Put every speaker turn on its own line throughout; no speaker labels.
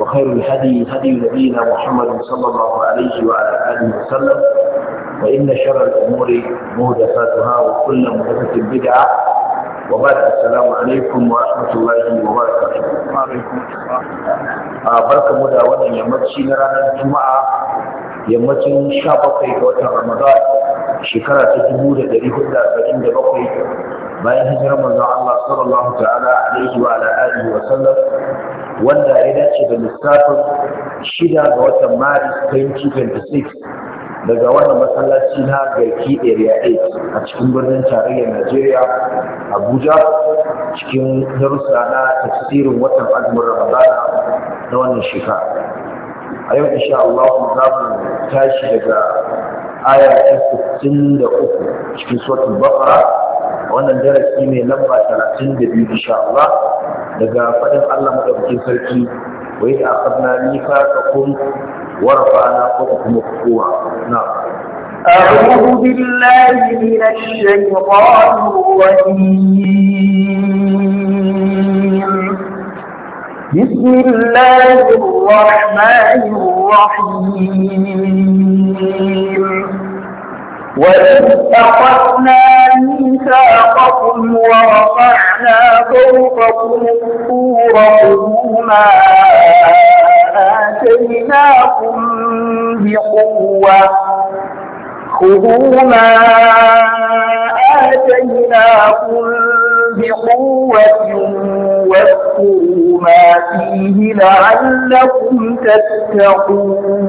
وخير الهدي هدي نبينا محمد صلى الله عليه وعلى آله وسلم وإن شر الأمور مهدفاتها وكل مهدفة بدعة وبعد السلام عليكم ورحمة الله وبركاته وعليكم السلام آه، بركة مدى وانا يمتشي نرانا الجمعة يمتشي شابكي وتر رمضان شكرات الجمود الذي هدى فإن بقي bayan hijirar رمضان الله صلى الله تعالى عليه وعلى اله وسلم wanda ya dace da lissafin shida ga watan maris 2026 daga wannan masallaci na garki area 8 a cikin birnin tarayyar najeriya abuja cikin darussa na tafsirin watan azumin ramadana na wannan shekara a yau insha Allah za mu tashi daga aya ta 63 cikin suratul baqara wannan darasi mai lamba talatin da biyu insha Allah daga faɗin Allah bikin sarki wa idza akhadna mithaqakum wa rafa'na fawqakum al-quwa na أعوذ
بالله من الشيطان الرجيم بسم الله الرحمن الرحيم وإذ أخذنا ميثاقكم ورفعنا فوقكم الطور خذوا ما آتيناكم بقوة خذوا ما آتيناكم بقوة واذكروا ما فيه لعلكم تتقون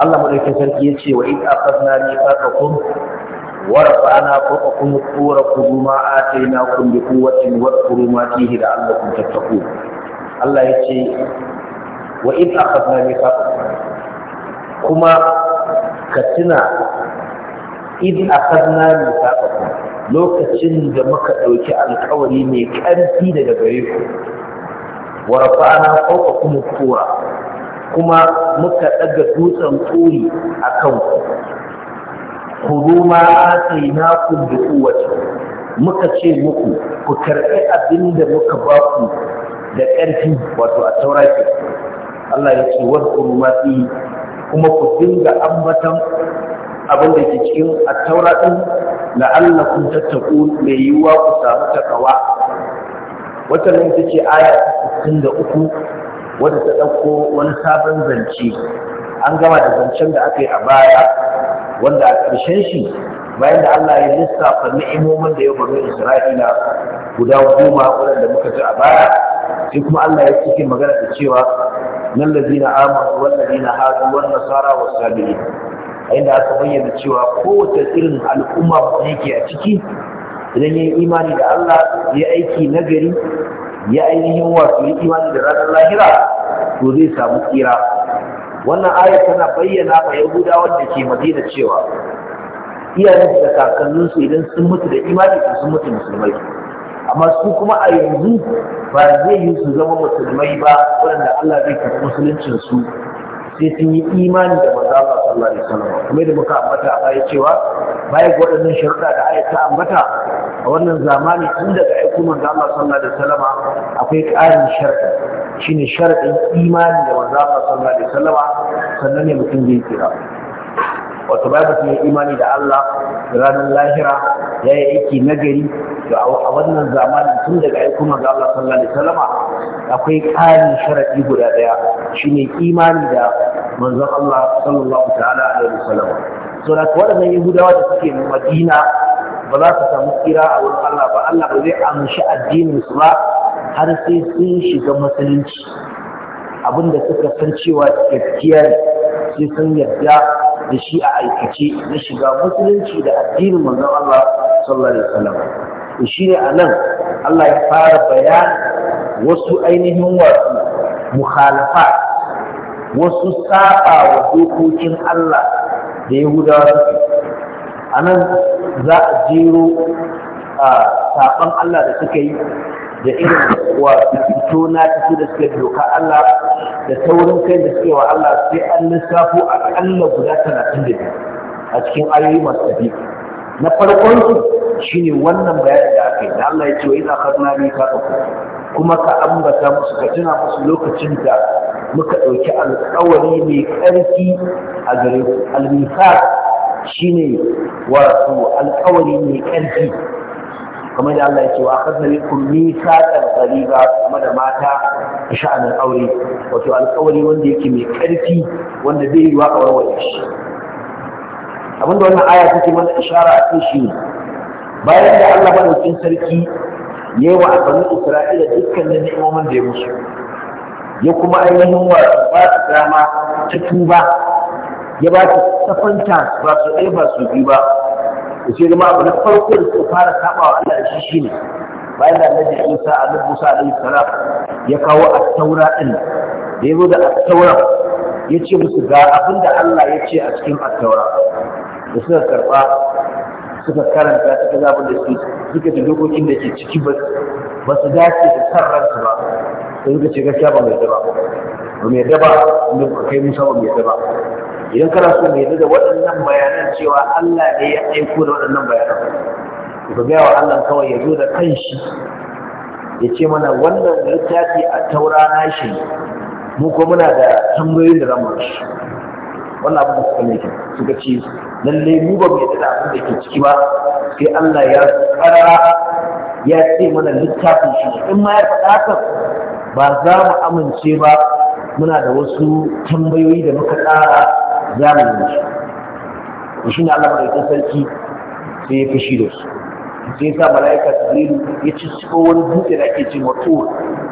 Allah madaukin sarki yace wa id akhadna mithaqakum wa rafa'na fawqakum at-tura khudhu ma atainakum bi quwwatin wadhkuru ma fihi la'allakum tattaqun Allah yace wa id akhadna mithaqakum kuma ka tuna id akhadna mithaqakum lokacin da muka dauki alƙawari mai ƙarfi daga gare ku wa rafa'na fawqakum at-tura kuma muka ɗaga dutsen kuri a kan ku kudu ma sai na ku da kowace muka ce muku ku karɓi abin da muka ba ku da ƙarfi wato a tauraki Allah ya ce wadda matsi kuma ku dinga ambatan abin da ke cikin a taurakin kun tattaku mai yiwuwa ku samu takawa wata nan ta ce aya 63 wadda ta ɗauko wani sabon zance an gama da zancen da aka yi a baya wanda a ƙarshen shi bayan da Allah ya lissafa ni'imomin da ya bari Isra'ila guda goma waɗanda muka ji a baya sai kuma Allah ya cike magana da cewa nan lazina amanu wal ladina hadu wan nasara was sabiin inda aka bayyana cewa kowace irin al'umma yake a ciki idan ya yi imani da Allah ya aiki nagari ya ainihin wasu yi imani da ranar lahira to zai samu tsira wannan ayar tana bayyana ma yahuda wanda ke madina cewa iyayen da kakanninsu idan sun mutu da imani su sun mutu musulmai amma su kuma a yanzu ba zai yi su zama musulmai ba wanda Allah zai karɓi musuluncin su sai sun yi imani da manzo Allah sallallahu alaihi wasallam kamar da muka ambata a bayan cewa bai ga waɗannan sharuɗa da aya ta ambata a wannan zamani tun daga aiko manzo Allah sallallahu alaihi wasallam akwai ƙarin sharɗi shine sharɗin imani da manzo Allah sallallahu alaihi wasallam sannan ne mutum zai kira wato ba ka yi imani da Allah ranar lahira ya yi aiki nagari to a wannan zamanin tun daga aiko manzo Allah sallallahu alaihi wasallam akwai ƙarin sharadi guda daya shine imani da manzon Allah sallallahu ta'ala alaihi wasallam so da waɗannan Yahudawa da suke Madina ba za su samu kira a wurin Allah ba Allah ba zai amshi addinin su ba har sai sun shiga musulunci abinda suka san cewa gaskiya sai sun yarda da shi a aikace na shiga musulunci da addinin manzon Allah sallallahu alaihi wasallam to shine anan Allah ya fara bayan wasu ainihin wasu mukhalafa wasu saba wa dokokin Allah da Yahudawa suke anan za a jero a saban Allah da suka yi da irin wa fito na da suke doka Allah da taurin kai da suke wa Allah sai an lissafo aƙalla guda talatin da biyu a cikin ayoyi masu tafi na farkon su shine wannan bayani da aka yi da Allah ya ce wa ina khadna bi ka kuma ka ambata musu ka tuna musu lokacin da muka ɗauki alƙawari mai ƙarfi a gare ku al shine wato alƙawari mai ƙarfi kamar da Allah ya ce wa akhadna minkum mithaqan qariba kuma da mata da sha'anin aure wato alƙawari wanda yake mai ƙarfi wanda zai yi wa aure shi da wannan aya take mana ishara a cikin shi bayan da Allah madaukakin sarki ya yi wa bani Isra'ila dukkanin ni'imomin da ya musu ya kuma ainihin wa ba su dama ta tuba ya ba su safanta ba su ɗaya ba su biyu ba da shi zama abu na farko da suka fara saba wa Allah da shi shine bayan da Annabi Isa Annabi Musa alaihi salam ya kawo at-taura din da yazo da at-taura yace musu ga abinda Allah ya ce a cikin at-taura da suka karba suka karanta suka ga abin da suke suka ji dokokin da ke ciki ba ba su dace da sarransu ba sai suka ce gaskiya ba mai daba ba mai daba inda kai Musa ba mai daba idan kana so mai da waɗannan bayanan cewa Allah ne ya aiko da waɗannan bayanan ka gaya wa Allah kawai ya zo da kanshi ya ce mana wannan littafi a taura na shi mu ko muna da tambayoyin da zamu shi wannan abin da suka nake suka ce lalle mu ba mu yadda da abin da ke ciki ba sai Allah ya karara ya ce mana littafin shi in ma ya faɗa ba za mu amince ba muna da wasu tambayoyi da muka tsara zamani da shi ne Allah mai sarki sai ya fashi da su sai ya sa mala'ika jibrilu ya ci ciko wani dutse da ake ce matsur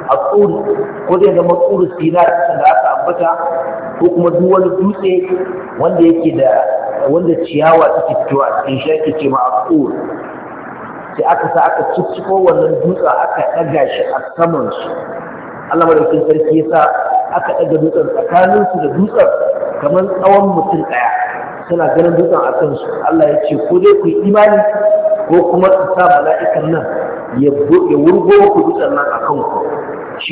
a tsuri ko zai zama tsuri sinar da aka ambata ko kuma duk wani dutse wanda yake da wanda ciyawa take fitowa a cikin shi ake ce ma a sai aka sa aka cicciko wannan dutsen aka ɗaga shi a saman su Allah madaukin sarki ya sa aka ɗaga dutsen su da dutsen kamar tsawon mutum ɗaya suna ganin dutsen a kansu Allah ya ce ko dai ku yi imani ko kuma su sa mala'ikan nan ya wurgo ku dutsen nan a kanku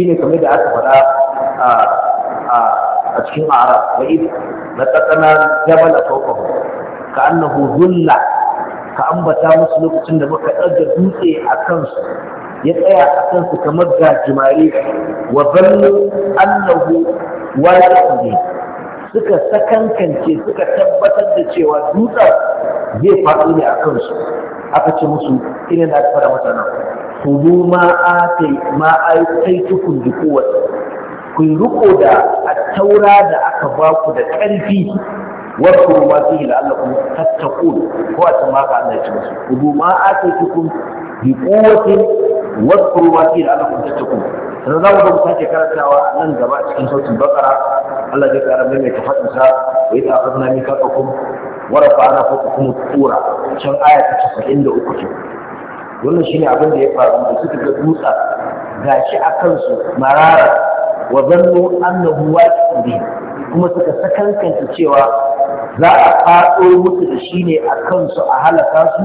ne kamar da aka faɗa a cikin ara wa na tsatsana jabal a fawqahu ka annahu zulla ka ambata musu lokacin da muka ɗaga dutse a kansu ya tsaya a kansu kamar gajimare wa ballo annahu wa ne suka sakankance suka tabbatar da cewa dutsen zai faɗo ne a kansu aka ce musu ina na fara masa nan kudu ma a ma a kai tukun da kowace ku yi riko da a taura da aka ba ku da ƙarfi wasu ruwa su yi kuma tattakun ko a can ma ka Allah ya ci musu kudu ma a kai tukun da kowace واذكروا da فيه لعلكم تتقون sannan za mu ga sake karantawa a nan gaba cikin sautin bakara Allah zai kara mai mai tafatinsa wa yi ta'afar na mika kuma. wara fa'ana ko kuma tura can aya ta casa'in da uku ce wannan shine abin da ya faru da suka ga dutsa gashi a kansu marara wa zannu annahu waqi'un bihi kuma suka sakankanta cewa za a faɗo musu da shi ne a kansu a halaka su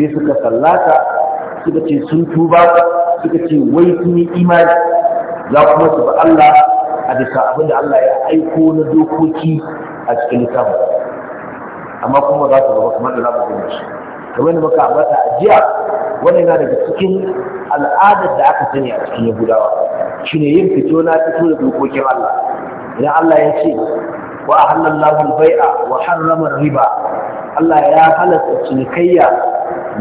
sai suka sallata suka ce sun tuba suka ce wai sun yi imani za kuma su ba Allah a bisa abin da Allah ya aiko na dokoki a cikin littafin amma kuma za su gaba kamar da za mu shi kamar da muka ambata a jiya wani yana daga cikin al'adar da aka sani a cikin yahudawa shine yin fito na fito da dokokin Allah idan Allah ya ce wa ahallallahu al-bai'a wa harrama riba Allah ya halatta cinikayya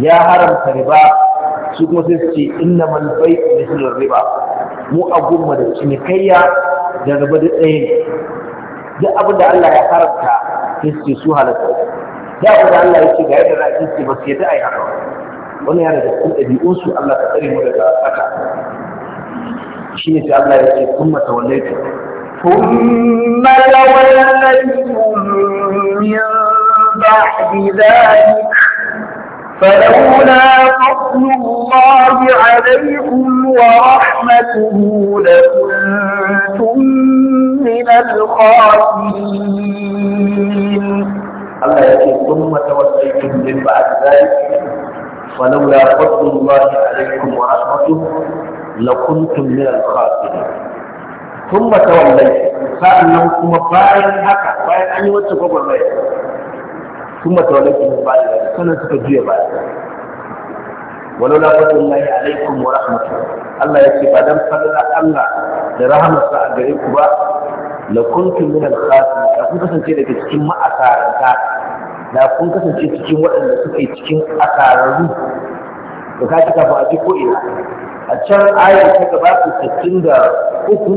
ya haramta riba su kuma sai su ce inna man bai mislu riba mu a gumma da cinikayya da riba da tsaye duk abin da Allah ya haramta sai su ce su halatta da abin da Allah ya ce ga yadda za a ce ba su yadda a yi haka Wani yana da cikin ɗabi'unsu Allah ka tsare mu daga haka shi ne sai Allah ya ce 'Kuma kun mata wallaitu ثم توليتم
من بعد ذلك فلولا فضل الله عليكم ورحمته لكنتم من الخاسرين
الله يقول ثم توفيتم من بعد ذلك فلولا فضل الله عليكم ورحمته لكنتم من الخاسرين ثم توليتم فأنكم باين هكا باين أن يوتكم الله ثم توليتم من بعد ذلك سنة تجيه بعد ولولا فضل الله عليكم ورحمته الله يكفي بعدم فضل الله لرحمة أجريكم la kuntum min al khasirin da kun kasance daga cikin da kun kasance cikin waɗanda suka yi cikin asararru da ka kika ba a ji ko a can ayar ta gaba su sittin da uku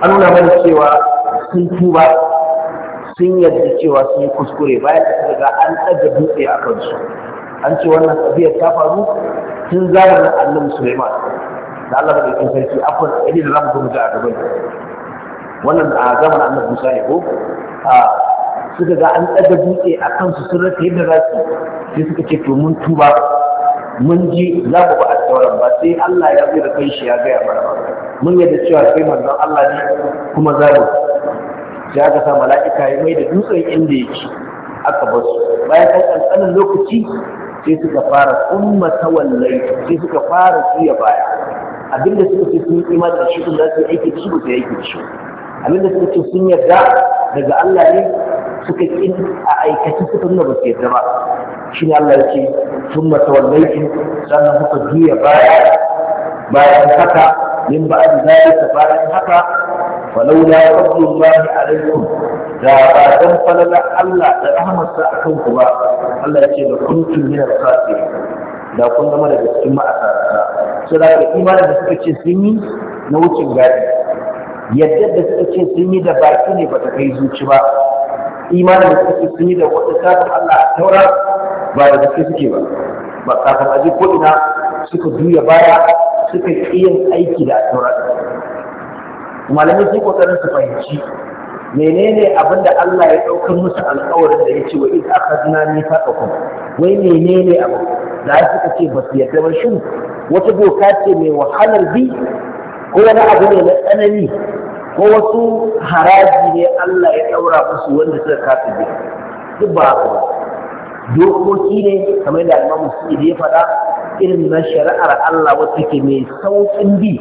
an nuna mana cewa sun tuba sun yarda cewa sun yi kuskure bayan da daga an ɗaga dutse a kansu an ce wannan tafiyar ta faru tun zamanin annabi suleiman da allah da ɗaukin sarki afon ɗari da zamu kuma a gaban wannan a zamanin annabi musa ne ko suka ga an ɗaga dutse a kansu sun rasa yadda za su sai suka ce to mun tuba mun ji za mu ba a sauran ba sai allah ya zai da shi ya gaya mana mun yadda cewa sai manzon allah ne kuma za mu sai aka sa mala'ika ya mai da dutsen inda yake aka bar su bayan ɗan ƙanƙanin lokaci sai suka fara umma tawallai sai suka fara juya baya abinda suka ce sun imani da shi za su yi aiki da shi ba su yi aiki da shi abinda suka ce sun yarda daga Allah ne suka ƙi a aikace suka nuna ba su yarda ba shi ne Allah ya ce sun matawallai matawallaikin sannan kuka juya baya bayan haka min ba da zai ta bayan haka falaula fadlullahi alaikum da ba dan falala Allah da rahmarsa akan ku ba Allah ya ce da kuntum min al-khasirin da kun zama daga cikin ma'asarata so da imanin da suka ce sun yi na wucin gadi yadda da suka ce sun yi da baki ne ba ta kai zuci ba imanin da suka ce sun yi da Allah a taura ba da gaske suke ba ba kafin ko ina suka duya baya suka ƙi aiki da a malamai su kokarin su fahimci menene abinda Allah ya ɗaukar musu alƙawarin da ya ce wa iz akhadna mithaqakum wai menene abu da suka ce ba su yarda ba shin wata doka ce mai wahalar bi
ko wani abu ne na
tsanani ko wasu haraji ne Allah ya ɗaura musu wanda suka kasa bi duk ba haka ba dokoki ne kamar da Imam Musulmi ya faɗa irin na shari'ar Allah wacce ke mai sauƙin bi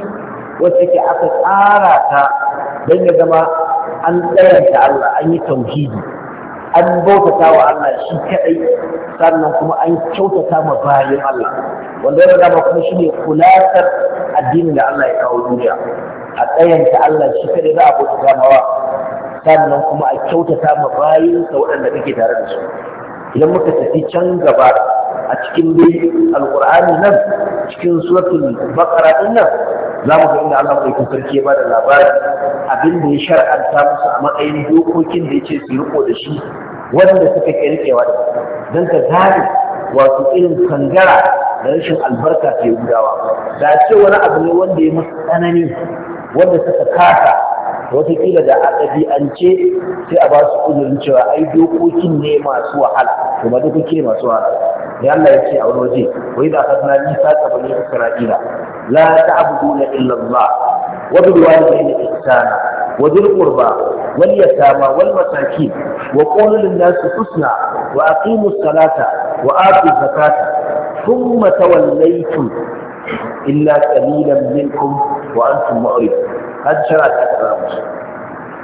wacce ke aka tsara ta don ya zama an tsayanta Allah an yi tauhidi an bautata wa Allah shi kadai sannan kuma an kyautata ma bayan Allah wanda ya zama kuma shi ne kulatar addinin da Allah ya kawo duniya a tsayanta Allah shi kadai za a bautata mawa sannan kuma a kyautata ma bayansa waɗanda kake tare da su idan muka tafi can gaba a cikin dai alƙur'ani nan cikin suratul baqara din nan za mu ga inda Allah mai sarki ba da labarin abin da ya shar'anta musu a matsayin dokokin da yake su riko da shi wanda suka kirkewa da don ka zari wato irin kangara da rashin albarka ta gudawa da ce wani abu ne wanda ya musu tsanani wanda suka kasa watakila da a ɗabi'ance sai a ba su cewa ai dokokin ne masu wahala Kuma ba duk kike masu wa ya Allah ya ce a wani waje wa idza akhadna mithaqa bani isra'ila la ta'buduna illa Allah wa bil walidayni ihsana wa dhil qurba wal yatama wal masakin wa qul lin nasi husna wa aqimu as-salata wa atu az-zakata thumma tawallaytum illa qalilan minkum wa antum mu'rid hajjara ta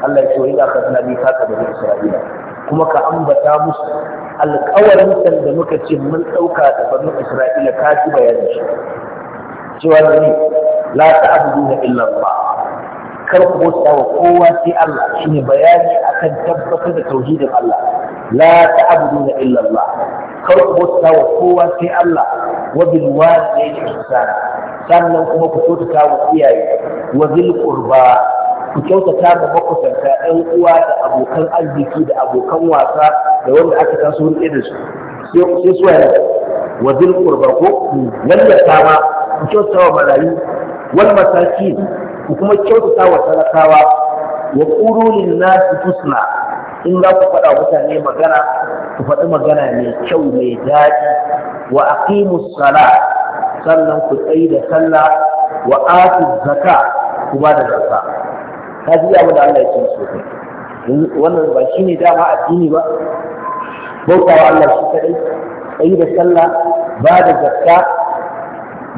Allah ya ce wa idza akhadna mithaqa bani isra'ila kuma ka ambata musu alƙawarin da muka ce mun ɗauka da banu isra'ila ka ci bayanin shi cewa da ne la ta abudu na illallah kar ku bauta wa kowa sai Allah shine bayani akan tabbatar da tauhidin Allah la ta abudu na illallah kar ku bauta wa kowa sai Allah wa bil walidayni ihsana sannan kuma ku kyautata wa iyaye wa zil qurba ku kyautata ga makusanta ɗan uwa da abokan arziki da abokan wasa da wanda aka taso hulɗe da su sai su yana wa zil qurba ko ta ma ku kyautata wa marayu wal masaki ku kuma kyautata wa talakawa wa qulu lin nasi in za ku faɗa mutane magana ku faɗi magana mai kyau mai daɗi wa aqimus sala sannan ku tsayi da sallah wa atu zakka ku ba da zakka ka ji abin da Allah ya ce so wannan ba shi ne dama addini ba bautawa Allah shi kadai kai da sallah ba da zakka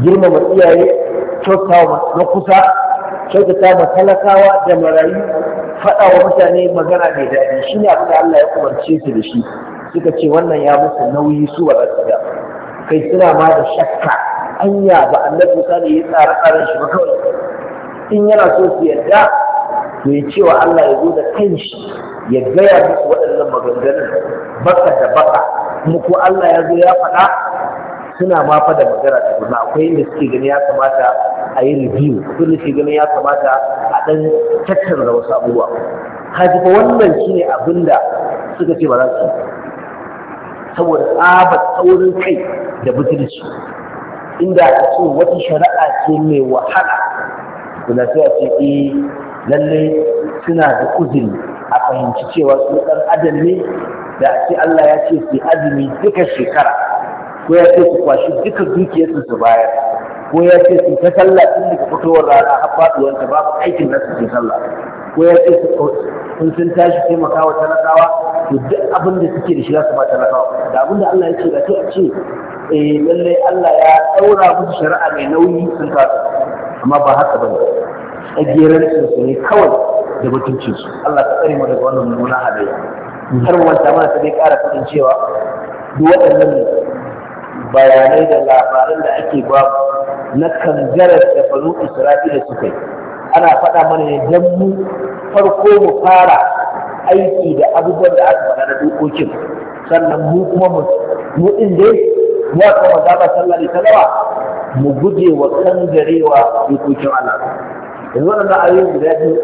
girmama iyaye kyautawa na kusa kyautata ma talakawa da marayu faɗawa wa mutane magana mai daɗi shi ne abin da Allah ya umarce su da shi suka ce wannan ya musu nauyi su ba za kai suna ma da shakka anya ba annabi Musa ne ya tsara tsarin shi ba kawai in yana so su yarda to cewa Allah ya zo da kanshi ya gaya musu waɗannan maganganun baka da baka kuma ko Allah ya zo ya faɗa suna ma fa da magana ta kuma akwai inda suke gani ya kamata a yi review akwai inda suke gani ya kamata a ɗan tattara wasu abubuwa kaji fa wannan shine abin da suka ce ba za su saboda tsaba saurin kai da butulci inda a ce wata shari'a ce mai wahala kuna sai a ce eh, lallai suna da uzuri a fahimci cewa su ɗan adam ne da ake Allah ya ce su azumi duka shekara ko ya ce su kwashi duka dukiyarsu su bayar ko ya ce su ta sallah tun daga fitowar rana har faɗuwar ta babu aikin na su sallah ko ya ce sun sun tashi taimaka wa talakawa to duk abin da suke da shi za su ba talakawa da abin da Allah ya ce da a ce eh lallai Allah ya ɗaura musu shari'a mai nauyi sun kasa amma ba haka bane tsagerar su ne kawai da mutuncin su Allah ka tsare mu daga wannan mummuna halayya har mm. wanda mana ta dai ƙara fadin cewa duk waɗannan bayanai da labaran da ake ba na kangarar da banu Isra'ila suka yi ana faɗa mana ne dan mu farko mu fara aiki da abubuwan da aka faɗa na dokokin sannan mu kuma mu ɗin dai mu aka maza ba sallah mu guje wa kangarewa dokokin Allah yanzu waɗanda ayoyin guda biyu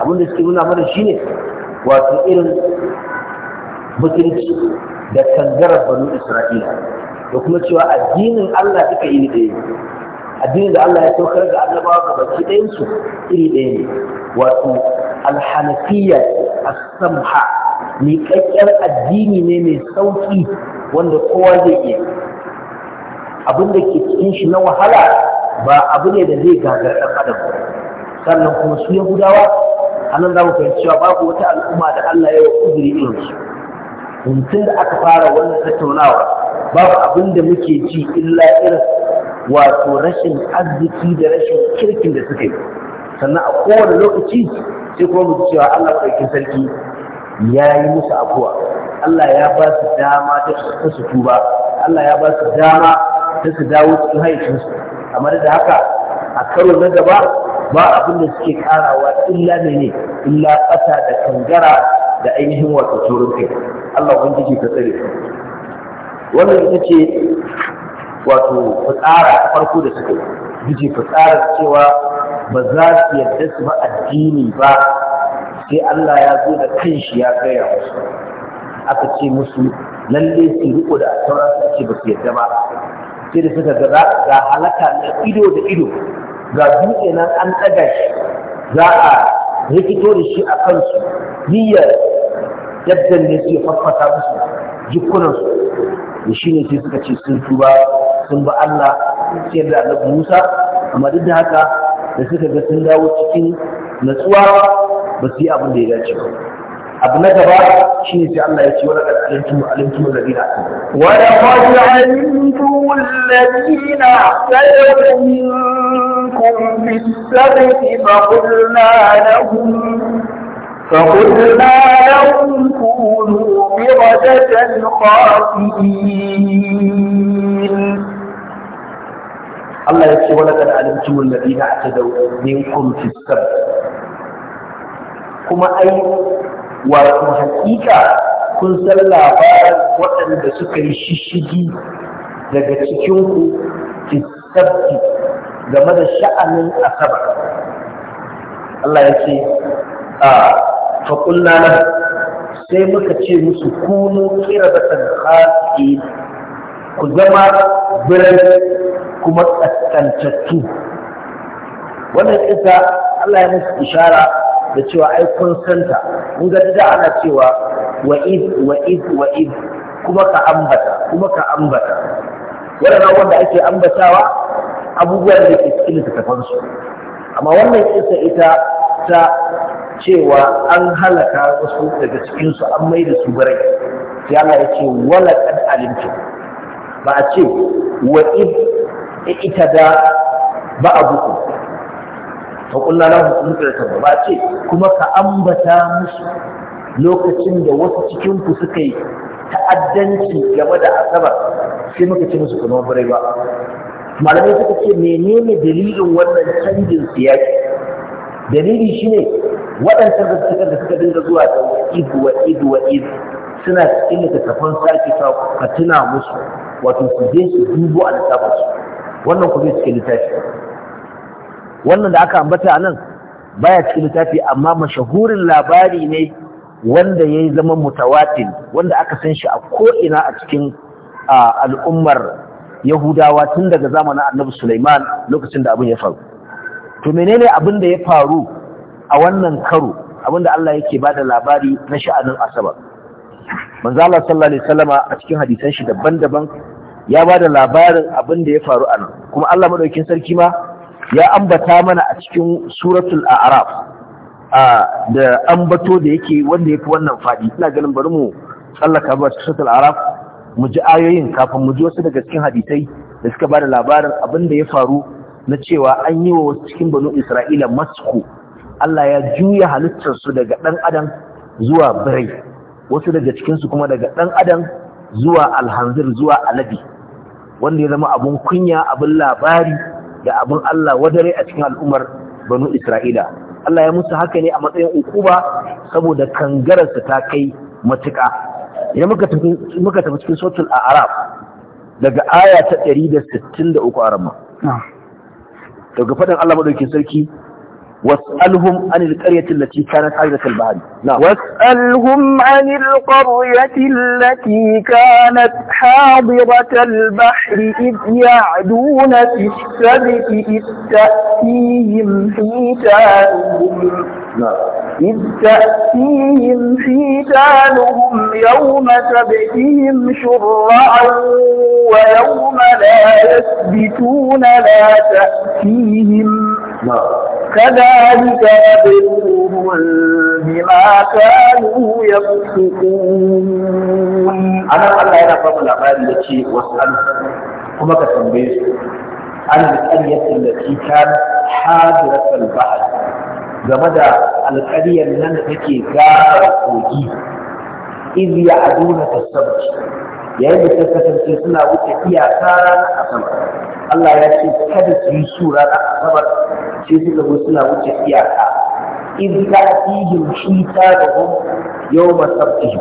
abinda suke nuna mana shi ne wato irin mutunci da tangarar banu isra'ila da kuma cewa addinin allah duka iri ɗaya ne addinin da allah ya saukar da annabawa ga baki ɗayansu iri ɗaya ne wato alhanafiyya as-samha miƙaƙƙen addini ne mai sauƙi wanda kowa zai iya abin da ke cikin shi na wahala ba abu ne da zai gagara ɗan adam sannan kuma su yahudawa a nan za mu fahimci cewa babu wata al'umma da Allah ya yi uzuri irin su mutum da aka fara wannan tattaunawa babu abin da muke ji illa irin wato rashin arziki da rashin kirkin da suka yi sannan a kowane lokaci sai kuma mutu cewa Allah ɗaukin sarki ya yi musu abuwa Allah ya ba su dama ta su tuba Allah ya ba su dama ta su dawo cikin haifinsu. amma da haka a karo na gaba ba abin da suke karawa illa ne ne illa ƙasa da kangara da ainihin wato taurin kai Allah ubangiji ka tsare wannan ita ce wato fitsara farko da suka biji fitsarar cewa ba za su yarda su ba addini ba sai Allah ya zo da kanshi ya gaya musu aka ce musu lalle su riko da sauran su ce ba su yarda ba sai da suka ga halaka na ido da ido ga dutse nan an ɗaga shi za a rikito da shi a kansu niyyar yadda ne su ya faffasa musu jikunansu da shi ne sai suka ce sun tuba sun ba Allah sai da annabi Musa amma duk da haka da suka ga sun dawo cikin natsuwa ba su yi abin da ya dace ba abu na gaba shi ne sai Allah ya ce wani alimtum alimtum alladina wa laqad
alimtum alladina sa'u منكم في السبت فقلنا لهم فقلنا لهم كونوا بردة خاسئين
الله يكفي ولقد علمتم الذين اعتدوا منكم في السبت كما أي وفي الحقيقه كن san فارس وان بسكر yi لقد daga في السبت game da sha'anin asabar Allah ya ce a faƙulla na sai muka ce musu kuno kira da tsanhasi ku zama birai kuma tsakantattu wannan isa Allah ya musu ishara da cewa ai kun santa mun ga da ana cewa wa'id wa'id wa'id kuma ka ambata kuma ka ambata waɗannan wanda ake ambatawa abubuwan da ke cikin littattafansu amma wannan kisa ita ta cewa an halaka wasu daga cikinsu an mai da su barai sai Allah ya ce wala kad alimtum ba a ce wa id ita da ba abuku fa kullu lahu mutlaqan ba a ce kuma ka ambata musu lokacin da wasu cikin ku suka yi ta'addanci game da asabar sai muka ce musu kuma barai ba malamai suka ce menene dalilin wannan canjin siyaki dalili shine waɗancan da da suka dinga zuwa da idu wa idu wa idu suna cikin littattafan sake sa ka tuna musu wato su je su dubo a littafin su wannan kuma cikin littafi wannan da aka ambata a nan baya cikin littafi amma mashahurin labari ne wanda ya zama mutawatin wanda aka san shi a ko'ina a cikin al'ummar yahudawa tun daga zamanin annabi Sulaiman lokacin da abin ya faru to menene abin da ya faru a wannan karo abin da Allah yake bada labari na sha'anin asabar manzo Allah sallallahu alaihi wasallama a cikin hadisan shi daban-daban ya bada labarin abin da ya faru a nan kuma Allah madaukakin sarki ma ya ambata mana a cikin suratul a'raf da ambato da yake wanda yake wannan fadi ina ganin bari mu tsallaka ba suratul a'raf mu ji ayoyin kafin mu ji wasu daga cikin hadisai da suka ba da labarin abin da ya faru na cewa an yi wa wasu cikin banu isra'ila masku Allah ya juya halittarsu daga ɗan adam zuwa birai wasu daga cikinsu kuma daga ɗan adam zuwa alhanzir zuwa alabi wanda ya zama abin kunya abin labari da abin Allah wadare a cikin al'ummar banu isra'ila Allah ya musu haka ne a matsayin ukuba saboda kangararsa ta kai matuƙa idan muka tafi cikin sautul a arab daga aya ta 163 a ramma daga faɗin allah maɗauki sarki واسألهم عن القرية التي كانت عيدة البحر نعم.
واسألهم عن القرية التي كانت حاضرة البحر إذ يعدون في السبت إذ تأتيهم حيتانهم إذ تأتيهم حيتانهم يوم سبتهم شرعا ويوم لا يثبتون لا تأتيهم كذلك نبلوهم بما كانوا يفسقون
أنا الله أنا قبل أبان التي واسأل كما كتنبيه عن الأرية التي كانت حاضرة البحر game da alƙaryar nan da take gabar kogi Izi ya aduna ta tasabci yayin da suka kasance suna wuce iyaka ranar asabar Allah ya ce kada su yi su ranar asabar sai suka zo suna wuce iyaka In ta iz ta'tihim shitatuhum yawma sabtihim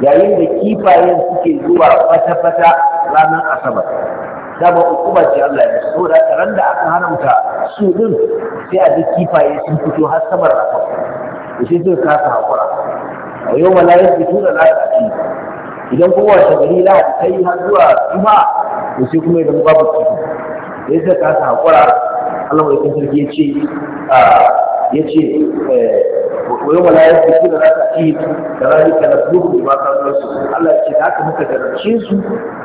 yayin da kifayen suke zuwa fata-fata ranar asabar dama ukuba ce Allah ya so da karan da aka haramta su din sai a duk kifaye sun fito har samar rafa to shi zai kasa hakura a yau ma layar fito da lafiya ce idan kowa shagari la ta yi har zuwa juma'a to sai kuma idan babu kifi sai zai kasa hakura Allah mai sarki ya ce ya ce wai eh, wala ya fi su da za ta ci da rani ka na tuhu da ba ka Allah ya ce da aka muka jarabce su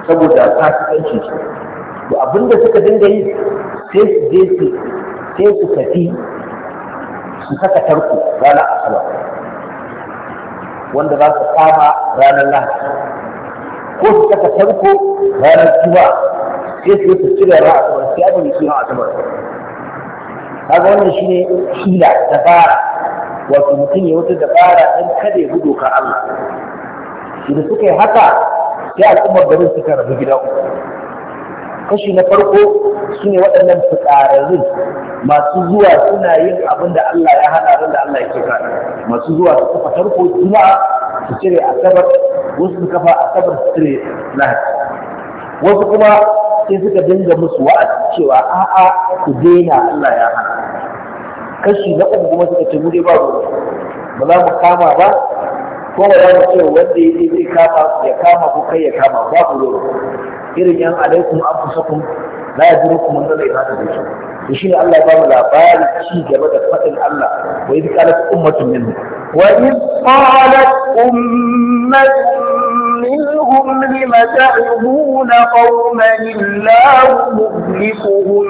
saboda ta fi ɗanci su to abinda suka dinga yi sai su je su sai su tafi su saka tarko ranar asabar wanda za su kama ranar lahadi ko su saka tarko ranar juma'a sai su su cire ranar asabar sai abin su ranar asabar kaga wannan shine hila dabara wato mutum ya wata dabara dan kada ya gudu ka Allah idan suka yi haka sai al'ummar garin suka rabu gida uku kashi na farko su ne waɗannan fitsararrun masu zuwa suna yin abin da Allah ya hana abin da Allah ya kira masu zuwa su kafa tarko juma'a su cire asabar wasu su kafa asabar su cire lahadi wasu kuma sai suka dinga musu wa'azi cewa a'a ku daina Allah ya hana kashi na uku kuma suka ce mu dai ba ba za mu kama ba ko ba za mu ce wanda ya zai kama ya kama ko kai ya kama babu ruwa irin yan alaikum anfusakum la yadurukum man dalla ila da shi to shine Allah ya bamu labari ci gaba da fadin Allah wa idh qalat ummatun minhum wa idh qalat
ummatun منهم لم تعظون قوما الله مهلكهم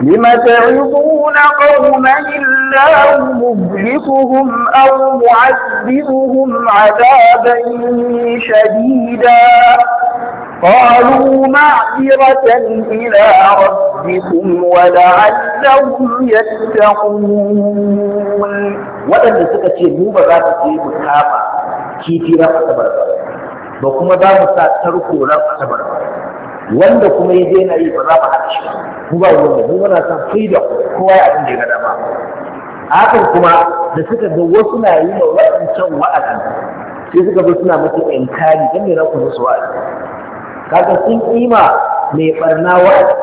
لم تعظون قوما الله مهلكهم أو معذبهم عذابا شديدا
قالوا
معذرة إلى
ربكم ولعلهم يتقون وأن سكتي مو بذات في كي في رفع تبرك ba دام za رفع sa wanda kuma ya daina yi ba za mu haɗa shi mu ba wanda mu muna son freedom kowa ya abin da ya ga dama hakan kuma da suka ga wasu na yi wa waɗancan wa'azin sai suka bi suna musu inkari dan me za ku musu wa'azi kaga sun kima mai barna wa'azi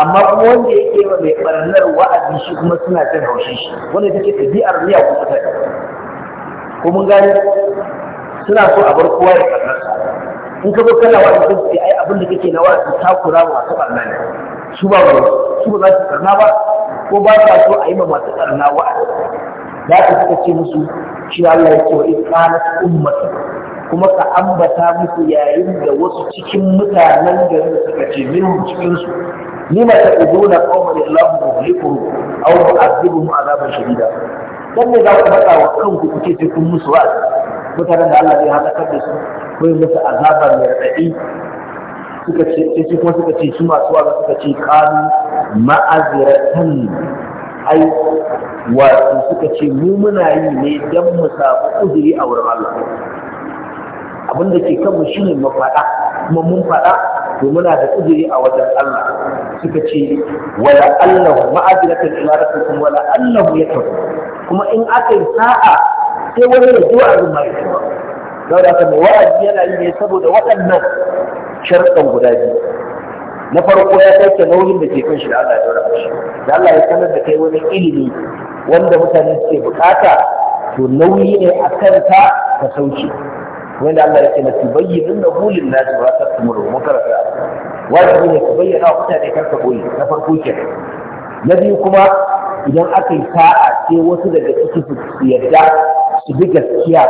amma kuma wanda yake mai barnar wa'azi shi kuma suna jin haushi shi wanda take tabi'ar miya ko ta ko mun gani suna so a bar kowa ya karnarsa in ka zo kana wa'azi sun ce ai abin da kake na wa'azi takura ma masu barna ne su ba ba su ba za su karna ba ko ba sa so a yi ma masu karna wa'azi za ka suka ce musu shi Allah yake ce kana ummatu kuma ka ambata musu yayin da wasu cikin mutanen da suka ce minhum cikin su lima taquluna qauman illahu muhlikum aw mu'adhibuhum azaban shadida dan ne za ku faɗa wa kanku ku ce kun musu wa'azi mutanen da Allah zai haɗa da su ko yi musu azaba mai raɗaɗi suka ce sai su kuma suka ce su masu wa'azi suka ce qalu ma'azratan ai wa suka ce mu muna yi ne dan mu samu uzuri a wurin Allah abin da ke kanmu shine mu faɗa kuma mun faɗa to muna da kudiri a wajen Allah suka ce wala allahu ma'adilatan ila rabbikum wala ya yatabu kuma in aka yi sa'a sai wani ya zuwa abin mai kuma saboda haka mai wa'azi yana yi ne saboda waɗannan sharɗan guda biyu na farko ya sauke nauyin da ke kan shi da Allah ya daura shi da Allah ya sanar da kai wani ilimi wanda mutane suke bukata to nauyi ne a kanta ka sauke wanda Allah ya ce na bayyana na hulin na ji ba ta tumuru mun karanta wajibi ne ku bayyana wa mutane kar ka boye na farko ke na biyu kuma idan aka yi sa'a sai wasu daga ciki su yadda su bi gaskiya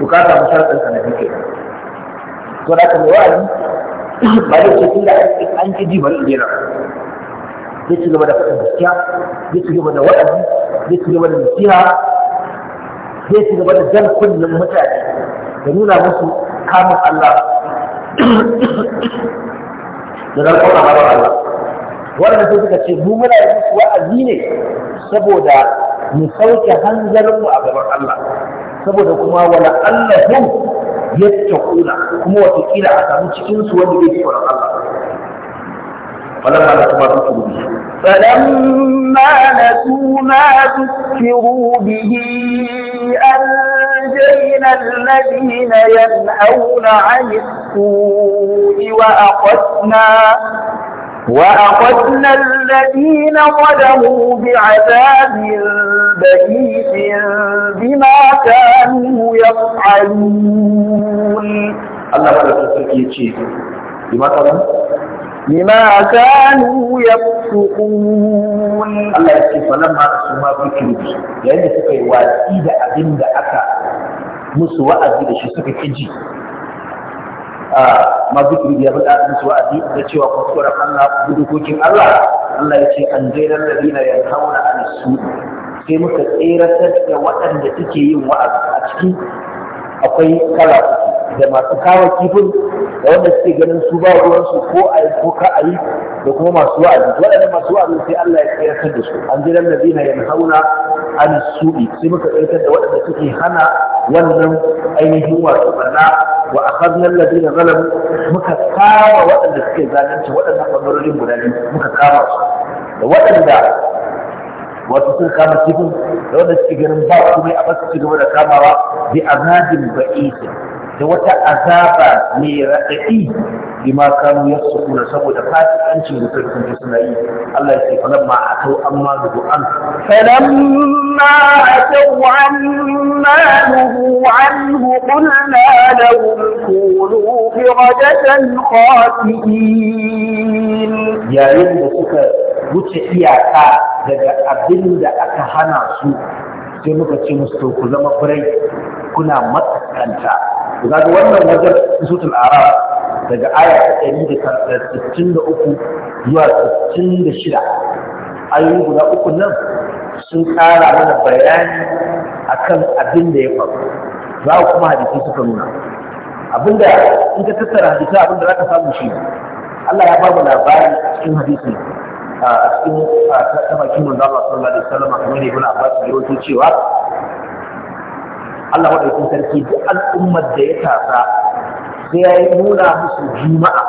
Ku kasa mu sharɗin sanadi ke to da kuma wa'azi ba da ce tunda an ji ji bari jira zai ci gaba da faɗin gaskiya zai ci gaba da wa'azi zai ci gaba da nasiha zai ci gaba da jan kunnen mutane da nuna musu kamun Allah da zarkon amarar Allah waɗanda sai suka ce mu muna yi musu wa'azi ne saboda mu sauke hanzarinmu a gaban Allah saboda kuma wala Allah yadda kuna kuma watakila a samu cikinsu wanda zai ji Allah فلما
نسوا ما ذكروا به فلما نسوا ما ذكروا به أنجينا الذين ينهون عن السوء وأخذنا وأخذنا الذين ظلموا بعذاب بئيس بما كانوا يفعلون
الله تعالى يقول بما كانوا بما
كانوا يفسقون
الله يكفي فلما رسوا ما ذكروا suka yi watsi da abin da aka musu wa'azi da shi suka kiji a mazikiri da ya faɗa musu wa'azi da cewa kun tsora Allah ku dokokin Allah Allah ya ce an jairar da ya hauna a sai muka tseratar da waɗanda suke yin wa'azi a ciki akwai kala uku da masu kawo kifin da wanda suke ganin su ba ruwansu ko a yi ko ka a yi da kuma masu wa'azi waɗannan masu wa'azi sai Allah ya tsayar da su an jiran da na yan hauna an suɗi sai muka tsayar da waɗanda suke hana wannan ainihin wato barna wa akhadna alladhina zalamu muka kama waɗanda suke zalunci waɗannan bangarorin guda biyu muka kama su da waɗanda wasu sun kama kifin da wanda suke ganin ba kuma a basu ci gaba da kamawa bi azabin ba'isin da wata azaba mai raɗaɗi bima kanu ya sukuna saboda fasikancin da suka kunce suna yi Allah ya ce falamma atau amma nuhu an
falamma atau amma nuhu anhu qulna lahum kunu qiradatan khasi'in yayin
da suka wuce iyaka daga abin da aka hana su sai muka ce musu to ku zama furai kuna matsakanta ku ga wannan wajen sutul arab daga aya da uku zuwa da shida. ayoyi guda uku nan sun kara mana bayani akan abin da ya faru za ku kuma hadisi suka nuna abinda in ka tattara hadisi abinda za ka samu shi Allah ya ba mu labari cikin hadisi a cikin ta bakin manzo Allah sallallahu alaihi wasallam kamar ne ibn Abbas ya rawaito cewa Allah madaukakin sarki duk al'ummar da ya tasa sai ya yi nuna musu juma'a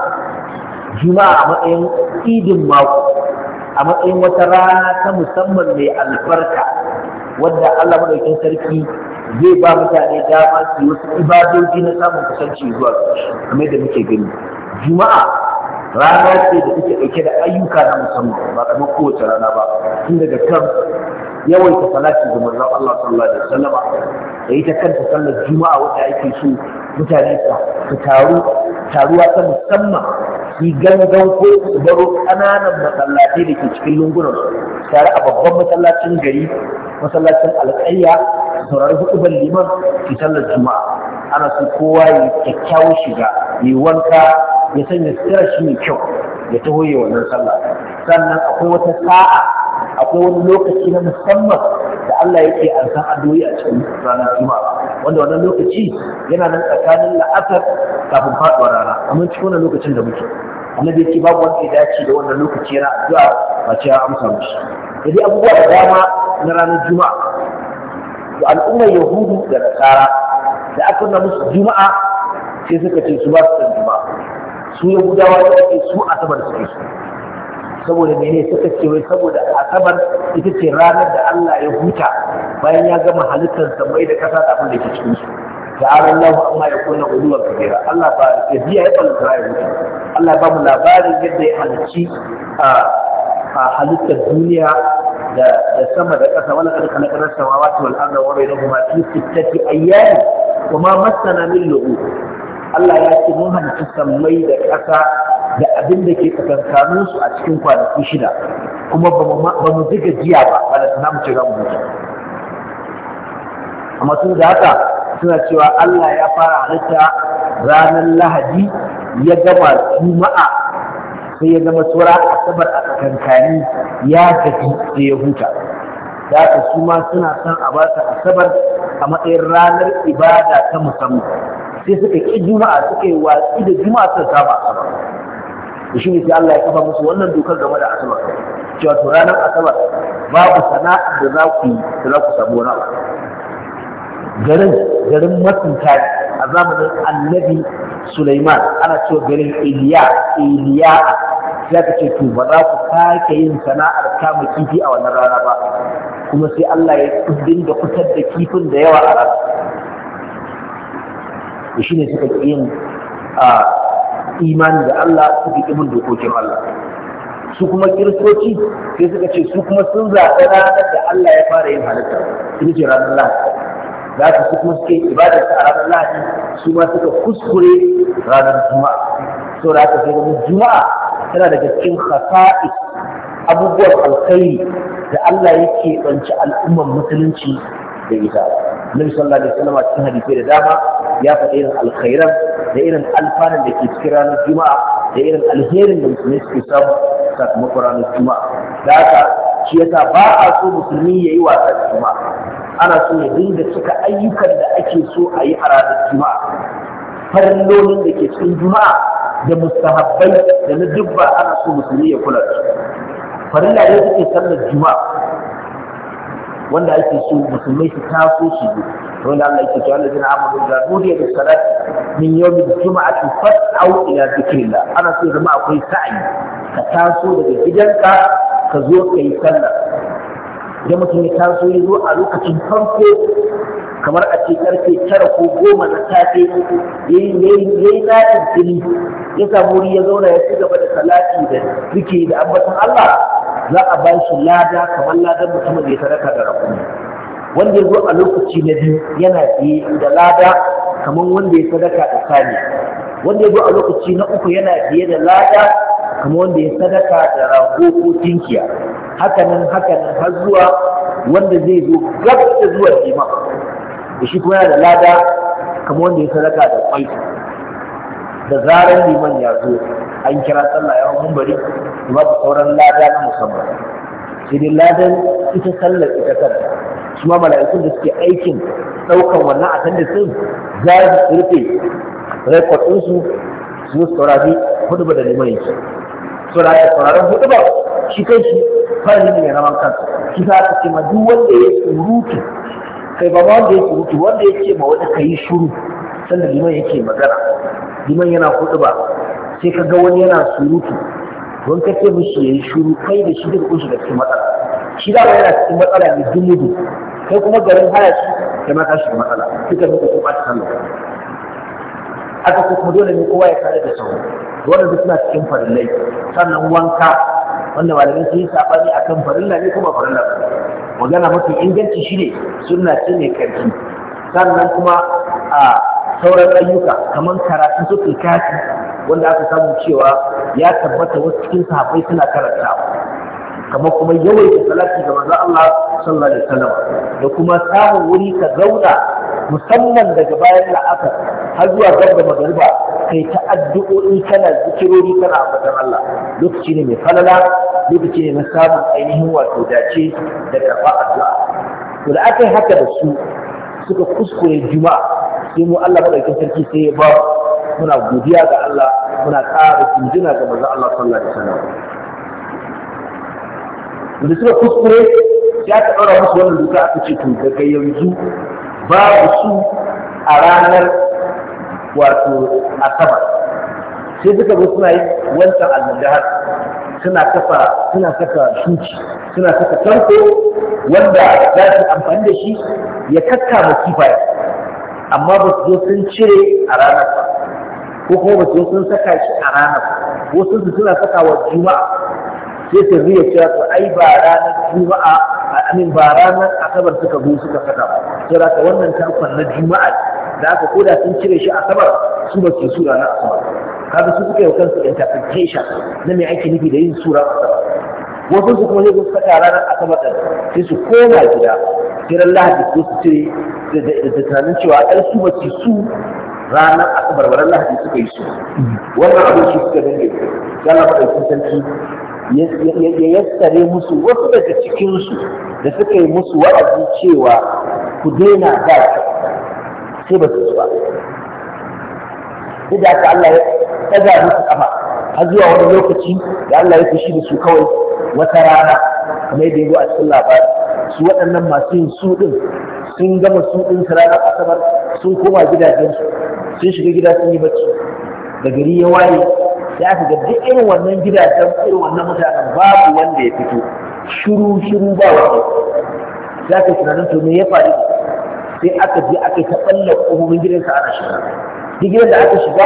juma'a a matsayin idin mako a matsayin wata rana ta musamman mai albarka wadda Allah madaukakin sarki zai ba mutane dama su yi wasu ibadoji na samun kusanci zuwa kamar da muke gani juma'a rana ce da take ɗauke da ayyuka na musamman ba kamar kowace rana ba tun daga kan yawaita salati da manzon Allah sallallahu alaihi wasallama da ita kanta sallar juma'a wanda ake so mutane su taru taruwa ta musamman yi gangan ko su baro ƙananan masallatai da ke cikin lungunan tare a babban masallacin gari masallacin alƙayya saurari hudu liman su sallar juma'a ana so kowa ya kyakkyawa shiga yi wanka ya sanya sitira shi mai kyau ya taho ya wannan sallah sannan akwai wata sa'a akwai wani lokaci na musamman da Allah yake an san addu'o'i a cikin ranar juma'a wanda wannan lokaci yana nan tsakanin la'asar kafin faɗuwar rana kamar cikin wannan lokacin da muke annabi yake babu wanda ya dace da wannan lokaci yana addu'a ba ce ya amsa mishi da dai abubuwa da dama na ranar juma'a to al'ummar yahudu da nasara da aka nuna musu juma'a sai suka ce su ba su san juma'a su gudawa da ake su asabar suke su saboda mene suka ce wai saboda asabar ita ce ranar da Allah ya huta bayan ya gama halittar samai da kasa abin da ke cikin su ta'ala Allah amma ya kunna uluwa kabira Allah ba ya biya ya falka ya huta Allah ba mu labarin yadda ya halicci a halittar duniya da sama da kasa wani kada kana kana samawa wal arda wa bainahuma fi sittati ayyam wa ma massana min lughub Allah ya ce mun halittu sammai da ƙasa da abin da ke tsakankanin su a cikin kwanaki shida kuma ba mu ji gajiya ba ba da mu ci za mu amma da haka suna cewa Allah ya fara halitta ranar Lahadi ya gama Juma'a sai ya zama tsora asabar a tsakankani ya gaji sai ya huta da haka suna son a ba asabar a matsayin ranar ibada ta musamman sai suka ƙi juma'a suka yi watsi da juma'a suka kama asabar da shi ne sai Allah ya kafa musu wannan dokar game da asabar cewa to ranar asabar babu sana'a da za ku yi da za ku samu wani abu garin garin matunta a zamanin annabi Sulaiman ana cewa garin Iliya Iliya ya ka ce to ba za ku sake yin sana'ar kama kifi a wannan rana ba kuma sai Allah ya dinga fitar da kifin da yawa a rana da shi ne suka yin imani da Allah suka ƙi bin dokokin Allah su kuma kiristoci sai suka ce su kuma sun zaɓi ranar da Allah ya fara yin halitta sun ce ranar lahadi za su kuma suke ibadar a ranar lahadi su ma suka kuskure ranar juma'a da, haka sai ganin juma'a tana daga cikin khasa'is abubuwan alkhairi da Allah yake banci al'umman musulunci da ita Nabi sallallahu alaihi wasallam cikin hadisi da dama ya faɗi irin alkhairan da irin alfanun da ke cikin ranar juma'a da irin alherin da musulmi suke samu sakamakon ranar juma'a da haka shi yasa ba a so musulmi ya yi wasa da juma'a ana so ya dinga cika ayyukan da ake so a yi a ranar juma'a farillolin da ke cikin juma'a da mustahabbai da na dubba ana so musulmi ya kula da su farilla ne suke sallar juma'a wanda ake so musulmai su taso su yi wanda Allah yake cewa allazina amanu da nudiya da salat min yawmin juma'ati fas'au ila ana so zama akwai sa'i ka taso daga gidanka ka zo kai sallah idan mutum ya taso ya zo a lokacin farko kamar a ce karfe tara ko goma na safe ya yi naɗin fili ya samu wuri ya zauna ya ci gaba da salati da suke da ambatan Allah za a ba shi lada kamar ladan mutumin da ya sadaka da rakumi wanda ya zo a lokaci na biyu yana biye da lada kamar wanda ya sadaka da saniya wanda ya zo a lokaci na uku yana biye da lada kamar wanda ya sadaka da rago ko tinkiya hakanan hakanan har zuwa wanda zai zo gaba da zuwa imam da shi kuma yana da lada kamar wanda ya sadaka da kwai da zarar liman ya zo an kira sallah ya hau bari kuma ku sauran lada na musamman sai dai ladan ita sallar ita kan, su ma mala'ikun da suke aikin ɗaukan wannan a kan da sun za su rufe rekod su yi saurari hudu da liman yake saurari sauraron hudu ba shi kai shi fara ne mai raman kan shi za ka ce ma duk wanda ya surutu kai ba wanda ya surutu wanda ya ce ma wanda ka yi shuru sannan liman yake magana liman yana ba sai ka ga wani yana surutu don ka ce mishi yi shuru kai da shi duk kunshi da cikin matsala shi da yana cikin matsala ne dumudu kai kuma garin haya shi kai ma ka shiga matsala duka duka ko ta sallah aka ko kuma dole ne kowa ya kare da sauri wannan duk suna cikin farillai sannan wanka wanda malamai sun yi sabani akan farilla ne kuma farilla magana mafi inganci ne sunna ce ne karfi sannan kuma a sauran ayyuka kamar karatu su kafi wanda aka samu cewa ya tabbata wasu cikin sahabbai suna karanta kamar kuma yawaita salati ga manzon Allah sallallahu alaihi wasallam da kuma samun wuri ka zauna musamman daga bayan la'aka har zuwa gaba magariba kai ta addu'o'i kana zikirori kana ambatan Allah lokaci ne mai falala lokaci ne na samun ainihin wato dace da karɓa addu'a to da aka yi haka da su suka kuskure juma'a sai mu Allah madaukakin sarki sai ba muna godiya ga Allah muna ƙara jinjina ga manzon Allah sallallahu alaihi wasallam da suka kuskure ya ta ɗora musu wannan duka a ce to daga yanzu babu su a ranar wato asabar sai suka zo suna yi wancan almajahar suna kafa suna saka shuci suna saka tanko
wanda
za amfani da shi ya kakka ma kifaye amma ba su zo sun cire a ranar ba ko kuma ba su zo sun saka shi a ranar ba wasu su suna saka wa juma'a sai su riya cewa to ai ba ranar juma'a amin ba ranar asabar suka zo suka saka ba sai da wannan tarkon na juma'a da aka koda sun cire shi asabar su ba su sura na asabar kaga su suka yi kansu interpretation na mai aiki nufi da yin sura asabar wasu su kuma zai zo saka ranar asabar sai su koma gida siran lahadi ko su ce da tunanin cewa ɗan su ba su su ranar asabar ranar lahadi suka yi su wannan abin shi suka dinga yi yana faɗa sarki ya yassare musu wasu daga cikinsu da suka yi musu wa'azi cewa ku daina ba sai ba su ba. Duk da Allah ya ɗaga musu kama. har zuwa wani lokaci da Allah ya fushi da su kawai wata rana kamar yadda yazo a cikin labari su waɗannan masu yin suɗin sun gama su din ranar asabar sun koma gidajen su, sun shiga gida sun yi bacci da gari ya waye ya aka ga duk irin wannan gidajen irin wannan mutanen babu wanda ya fito shiru shiru ba wanda Ya ka tunanin to me ya faru sai aka je aka yi ta ɓallar ƙofofin gidansa ana shiga duk gidan da aka shiga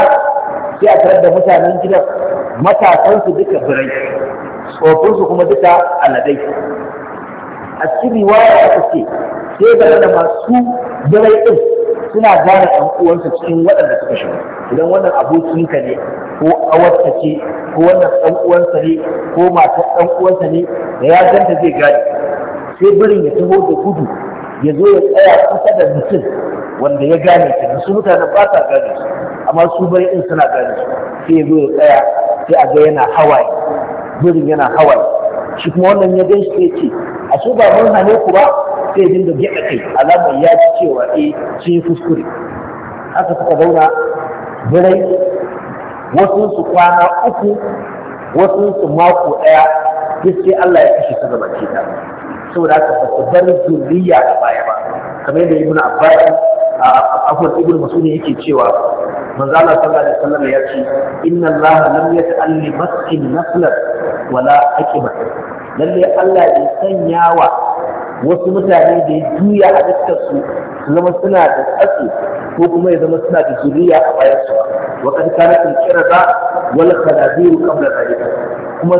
sai a tarar da mutanen gidan matasansu duka birai tsofinsu kuma duka aladai a cikin riwaya ta sai da da masu birai din suna gane ɗan uwansa cikin waɗanda suka shiga idan wannan abokinka ne ko awarta ce ko wannan ɗan uwansa ne ko matar ɗan uwansa ne da ya ganta zai gane sai birin ya taho da gudu ya zo ya tsaya kusa da mutum wanda ya gane ta, su mutanen ba sa gane su amma su bari in suna gane su sai ya zo ya tsaya sai a ga yana hawaye birin yana hawaye shi kuma wannan ya gan shi sai ce a su ba mun hane ku ba sai ya dinga gyaɗa kai alamar ya ci cewa eh sun yi kuskure haka suka zauna birai wasu su kwana uku wasu su mako ɗaya gaskiya Allah ya kashe su gaba ke saboda haka ba su bar zuriya a baya ba kamar yadda ibnu abbas afwan ibnu mas'ud yake cewa manzo Allah sallallahu alaihi wasallam ya ce inna Allah lam yata'alli maskin naslan wala aqiba lalle Allah ya sanya wa wasu mutane da ya juya a dukkan su zama suna da tsaki ko kuma ya zama suna da zuriya a bayan su wa kad kanat al wal khanazir qabla dhalika kuma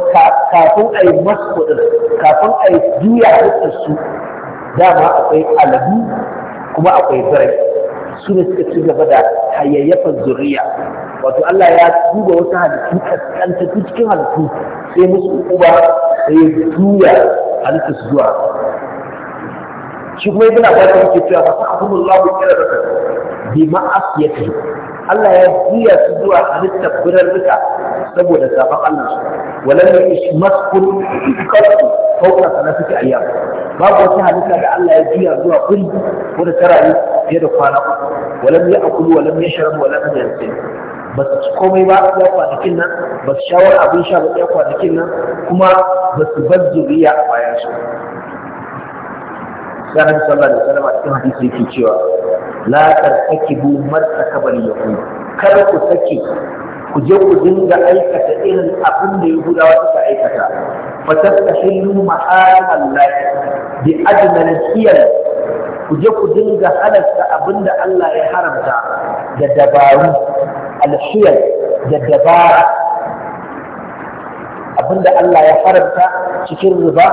kafin a yi masu kafin a yi juya su dama akwai aladu kuma akwai zarai su ne suka ci gaba da hayayyafan zuriya wato Allah ya duba wasu halittu kaskantattu cikin halittu sai musu uba sai juya halittar su zuwa shi kuma ibn Abbas yake cewa labu kira da rasul bi ma'asiyatihi Allah ya biya su zuwa halitta birarruka saboda safan Allah su walan ya ishi maskul kalku fauka sana suke ayyam babu wata halitta da Allah ya biya zuwa kuri ko da tarayi fiye da kwana uku walan ya akulu walan ya sharabu walan ya yansin ba su komai ba ya kwanakin nan ba su shawar abin sha ba ya kwanakin nan kuma ba su bar zuriya a bayan su. Sanar sallallahu alaihi wasallam a cikin hadisi yake cewa la tartakibu martakabal yahud kada ku sake ku je ku dinga aikata irin abin da yahudawa suka aikata fa tastahillu maharim Allah bi ajmal hiyal ku je ku dinga halarta abin da Allah ya haramta da dabaru alhiyal da dabara abin da Allah ya haramta cikin riba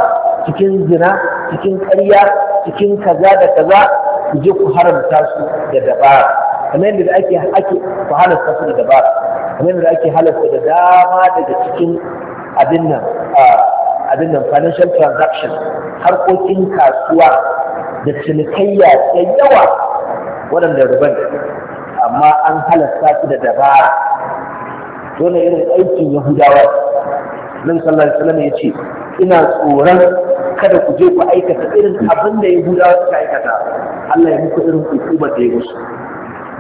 cikin zina cikin ƙarya cikin kaza da kaza ku je ku haramta su da dabara kamar yadda ake ake ku halasta su da dabara kamar yadda ake halasta da dama daga cikin abin nan abin nan financial transaction harkokin kasuwa da cinikayya da yawa waɗanda ruban amma an halasta su da dabara dole irin aikin yahudawa nan sallallahu alaihi wasallam ya ce ina tsoron kada ku je ku aikata irin abin da ya guda suka aikata Allah ya muku irin hukumar da ya musu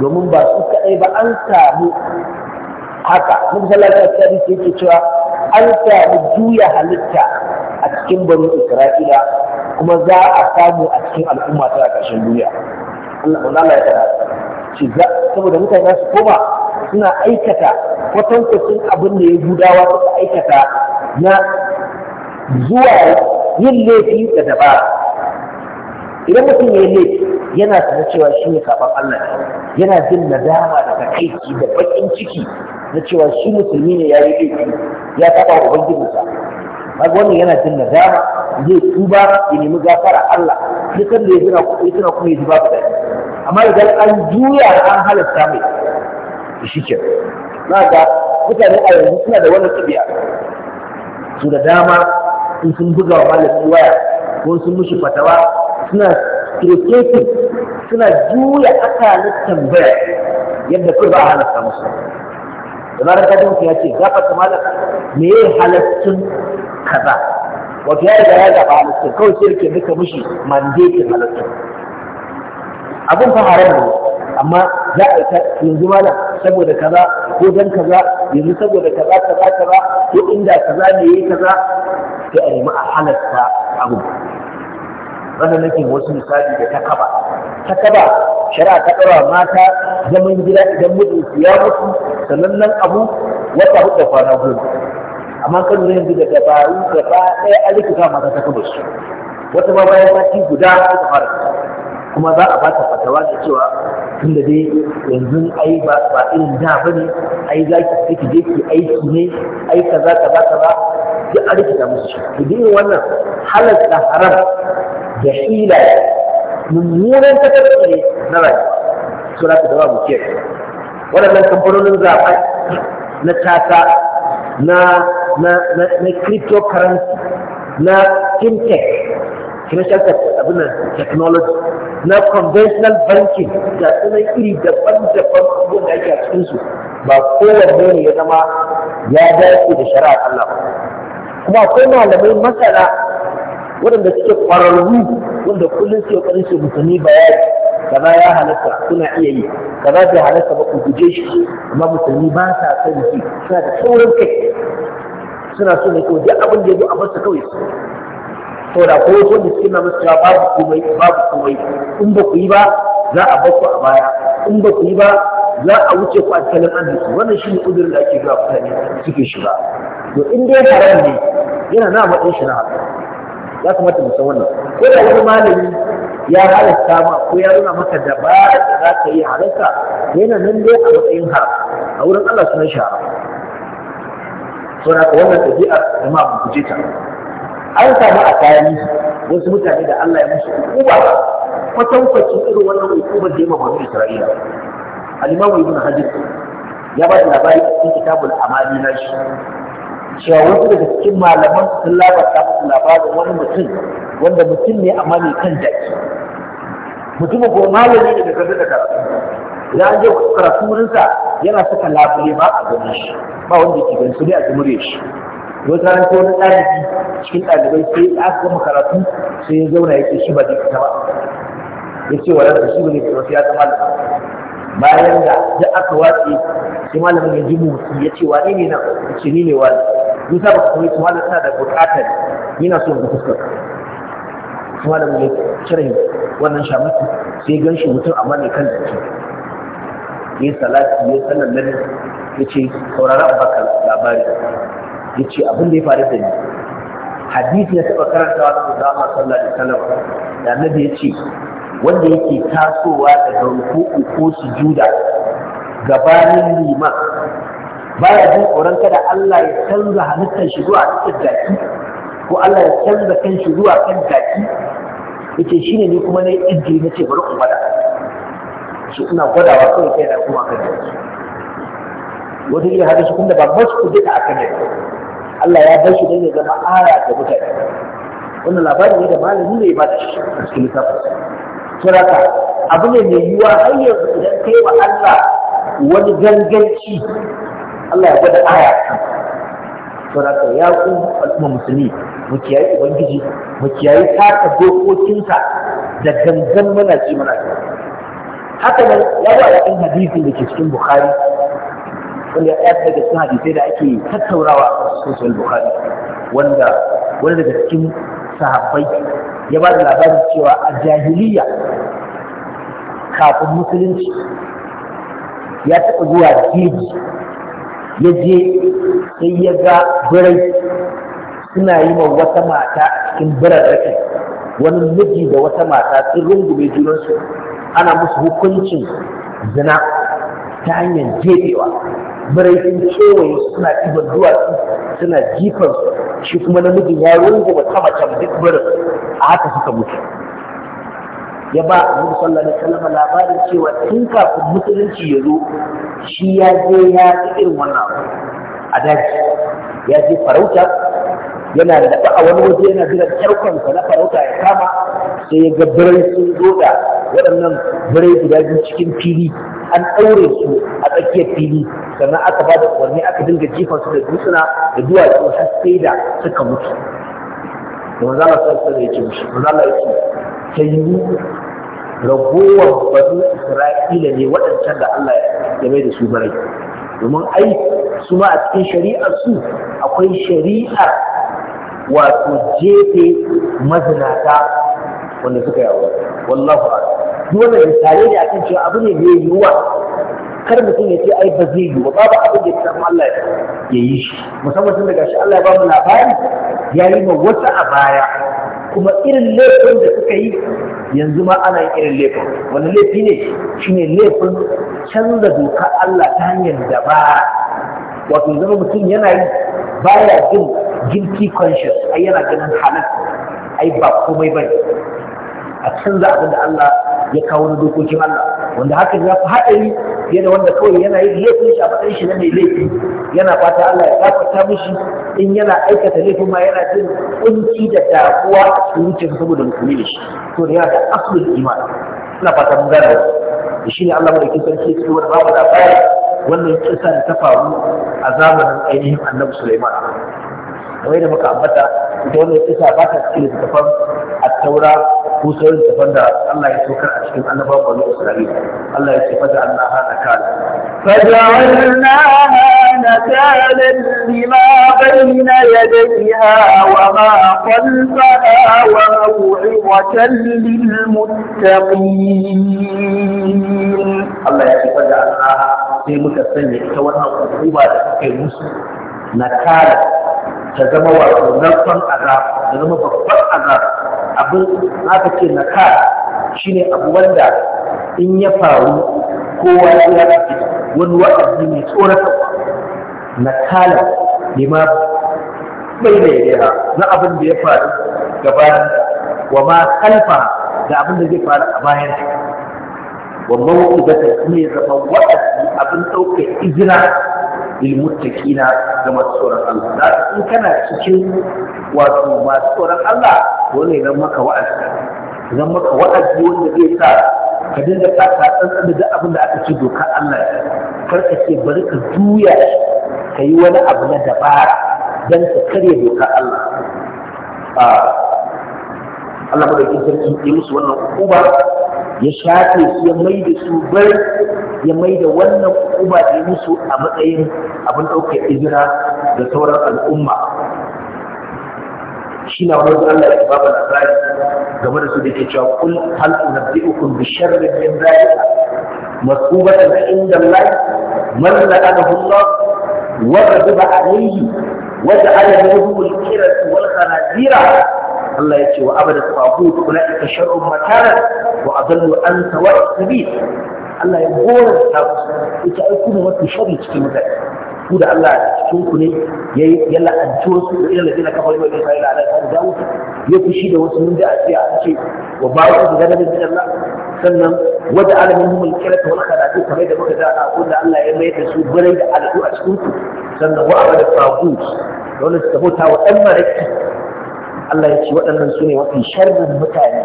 domin ba su kadai ba an samu haka nan sallallahu alaihi wasallam yake cewa an samu juya halitta a cikin banu Isra'ila kuma za a samu a cikin al'umma ta kashin duniya Allah ya tara shi saboda mutane su koma suna aikata kwatankwacin abin da ya gudawa suka aikata na zuwa yin laifi da dabara idan mutum ya yi laifi yana sana cewa shi ne kafin Allah ne yana jin nadama da takaici da bakin ciki na cewa shi musulmi ne ya yi laifi ya taɓa ubangijinsa kaga wannan yana jin nadama zai tuba ya nemi gafara Allah duk da ya jira ya kuma ya zuba da amma idan an juya an halasta mai shi ke na ga mutane a yanzu suna da wannan tabi'a su da dama in sun buga wa mallaki waya ko sun mushi fatawa suna kirkeke suna juya akalin tambaya yadda kai ba a halatta musu da zarar ka dinka ya ce ta malam me ya halattun kaza wato ya riga ya gaba halattun kawai sai yake duka mushi mandatin halattun abin fa haram ne amma za a yanzu malam saboda kaza ko dan kaza yanzu saboda kaza kaza kaza ko inda kaza ne yayi kaza sai a nemi a halatta abu wannan nake wasu misali da ta kaba ta kaba shari'a ta kaba mata zaman gida idan mijinsu ya mutu sannan nan abu wata hudu kwana goma amma kan zai yanzu da dabaru gaba ɗaya alikuta mata ta kaba su wata ma bayan sati guda suka fara kuma za a bata fatawa da cewa tun da dai yanzu ai ba irin da ba ne ai za ki ki je ki aiki ne ai kaza kaza kaza ki a rikita musu shi ki dai wannan halatta haram da hila mummunan takarci ne na rayuwa su ta ba mu ke waɗannan kamfanonin zaɓen na tata na na na na cryptocurrency na fintech financial shakar abin technology na conventional banking da sunan iri daban-daban abubuwan da ake a cikinsu ba kowanne ne ya zama ya dace da shari'ar Allah ba kuma akwai malamai masana waɗanda suke ƙwararru wanda kullum suke ƙwarin su musulmi bayani kaza ya halatta kuna iya yi kaza bai halatta ba ku guje shi amma mutane ba sa son shi suna da saurin kai suna so ne kawai duk abin da ya zo a masa kawai saboda ko wasu wanda suke nuna cewa babu komai babu komai in ba ku yi ba za a bar ku a baya in ba ku yi ba za a wuce ku a cikin arziki wannan shi ne udurin da ake zuwa mutane suke shiga to in dai haram ne yana na matsayin shi na haka ya kamata mu san wannan ko da wani malami ya halatta ma ko ya nuna maka da ba da za ka yi halatta yana nan dai a matsayin haram a wurin Allah sunan shi haram saboda wannan ɗabi'ar jama'a mu guje ta an samu a tarihi wasu mutane da Allah ya musu hukuma kwatankwacin irin wannan hukumar da ya mabaru Isra'ila al-Imam Ibn Hajar ya ba da labari a cikin kitabul amali na shi cewa wasu daga cikin malaman sun labarta musu labarin wani mutum wanda mutum ne amma mai kan jaki mutumin ko malami ne da kan da karatu idan an je karatu wurinsa yana saka labule ba a gani shi ba wanda ke gani su ne a jimure shi wata ran ko wani ɗalibi cikin ɗalibai sai aka gama karatu sai ya zauna yake shi ba zai fita ba ya ce wa ransa shi ba zai fita ba sai ya zama da bayan da ya aka watse sai malamin ya ji mutu ya ce wani ne na ya ce ni ne wani sa ba ka kuma yace malam tana da buƙatar yana so ga fuskar malamin ya cire wannan shamaki sai gan shi mutum amma mai kan jiki ya salati ya sallar lalle ya ce sauraron baka labari ya ce abin da ya faru da ni hadisi na taɓa karantawa da zama sallah da sallama da annabi ya ce wanda yake tasowa daga ruku'u ko sujuda gabanin liman baya jin tsoron kada Allah ya canza halittar shi zuwa cikin jaki ko Allah ya canza kan shi zuwa kan jaki yace shine ne kuma na yi ijiri na ce bari in gwada shi ina gwadawa kawai kai da kuma kan jaki wata iya hada shi kuma ba masu kudi da aka ne Allah ya bar shi don ya zama aya ga mutane wannan labarin ne da malami ne ya bada shi a cikin littafin Kiraka abu ne mai yiwuwa har yanzu idan kai wa Allah wani ganganci Allah ya gwada aya Kiraka ya ku al'umma musulmi mu kiyaye ubangiji mu kiyaye taka dokokinsa da gangan muna ji muna haka nan ya ba a cikin hadisin da ke cikin bukhari wanda ya daga cikin hadisai da ake tattaunawa a cikin sahih wanda wani daga cikin sahabbai ya ba da labarin cewa a jahiliya kafin musulunci ya taɓa zuwa jeji ya je sai ya ga birai suna yi wa wata mata cikin birarrakin wani miji da wata mata sun rungume junansu ana musu hukuncin zina ta hanyar jefewa birai cewa kewaye suna ɗiban duwatsu suna jifan shi kuma namijin ya rungu ba ta duk birin a haka suka mutu ya ba annabi sallallahu alaihi wasallam labarin cewa tun kafin musulunci ya zo shi ya je ya ga irin wannan a daji ya je farauta yana da a wani waje yana jiran kyarkonsa na farauta ya kama sai ya ga birai sun zo da waɗannan birai guda biyu cikin fili an ɗaure su a tsakiyar fili sannan aka ba da umarni aka dinga jifa su da dutsuna da duwatsu har sai da suka mutu da manzo Allah sallallahu alaihi wasallam ya ce manzo Allah ya ce tayyu ragowar banu Isra'ila ne waɗancan da Allah ya mai da su barai domin ai su ma a cikin shari'ar su akwai shari'ar wato jefe mazinata wanda suka yi wallahu a'lam dole da tare da akan cewa abu ne mai yiwuwa kar mutum ya ce ai ba zai yiwu babu abin da ya samu Allah ya yi shi musamman tun daga shi Allah ya ba mu labari ya yi ma wata a baya kuma irin laifin da suka yi yanzu ma ana yin irin laifin wani laifi ne shine laifin canza doka Allah ta hanyar ba. wato zama mutum yana yi baya jin guilty conscious ai yana ganin halal ai ba komai ne, a canza abin da Allah ya kawo na dokokin Allah wanda hakan ya fi haɗari fiye da wanda kawai yana yi laifin shi a matsayin shi na mai laifi yana fata Allah ya gafarta mishi in yana aikata laifin ma yana jin kunci da damuwa a cikin wucin saboda mutumin da shi to da yana da asulul iman ina fata mun gane da shi ne Allah madaukin sarki ya ce wani babu labari wannan kisa da ta faru a zamanin ainihin annabi Sulaiman kamar da muka ambata ita wannan kisa ba ta cikin littafin a taura ko sauran tafan da Allah ya saukar a cikin annabawa bani Isra'ila Allah ya ce faja annaha nakala فجعلناها
نكالا لما بين يديها وما خلفها وموعظة للمتقين
الله يكفى عنها sai muka sanya ita wannan hukuma da suka yi musu nakala ta zama wato narkon azab ta zama babban azab abin aka ce na ka ne abu wanda in ya faru kowa ya fi wani wa'azi mai tsorata na kala ma bai da yadda na abin da ya faru gabanin wa ma kalfa da abin da zai faru a bayan wa mawuƙi da ta ne zama wa'azi abin ɗaukar izina lilmuttaqina ga masu tsoron Allah da in kana cikin wato masu tsoron Allah dole zan maka wa'azi zan maka wa'azi wanda zai sa ka dinga tsaka tsantsan da abin da aka ci dokar Allah kar ka ce bari ka juya ka yi wani abu na dabara dan ka karya dokar Allah Allah madaukin sarki ya musu wannan hukuma ya shafe su ya mai da su bar ya mai da wannan hukuma ya musu a matsayin abin ɗaukar izira da sauran al'umma shi na wani Allah ya ba bana zai game da su da ke cewa kul hal unabbi'ukum bi sharrin min zalika masubatan inda Allah man la'anahu Allah wa ghadiba alayhi wa ja'ala minhum al-kirata wal khanazira Allah ya ce wa abada da tafahud ulaika sharrun makana wa adallu an sawa'a sabil Allah ya gora ta musu ita ai kuma wata sharri cikin mutane ku da Allah cikin ku ne ya la'anci wasu da irin ladina kafaru wa isra'ila ala kan dawud ya fushi da wasu mun da a ce a ce wa ba'u da ganin da Allah sannan wada alamin hum al-kirata wal khalaqi kamar da muka da a da Allah ya mai da su barai da al'adu a cikin ku sannan wa abada tafahud da su bauta wa ɗan maraki Allah ya ce waɗannan su ne mafi sharbin mutane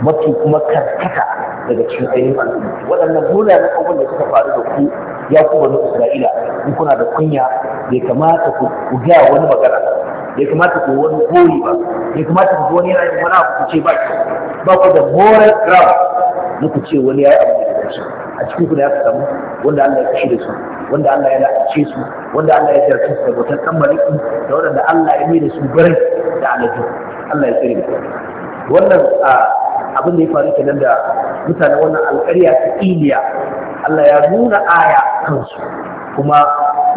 mafi kuma karkata daga cikin ainihin al'umma waɗannan na abubuwan da suka faru da ku ya ku wani Isra'ila in kuna da kunya bai kamata ku ga wani magana bai kamata ku wani goyi ba bai kamata ku wani 'yanayin wani abu ku ce ba ku ba da moral ground na ku ce wani ya yi abu da shi a cikin ku da ya samu wanda Allah ya kashe da su wanda Allah ya lalace su wanda Allah ya jarfi su da wata kammaliki da wanda Allah ya mai da su barai da alaji Allah ya tsare wannan abin da ya faru kenan da mutanen wannan alƙarya ta iliya Allah ya nuna aya kansu kuma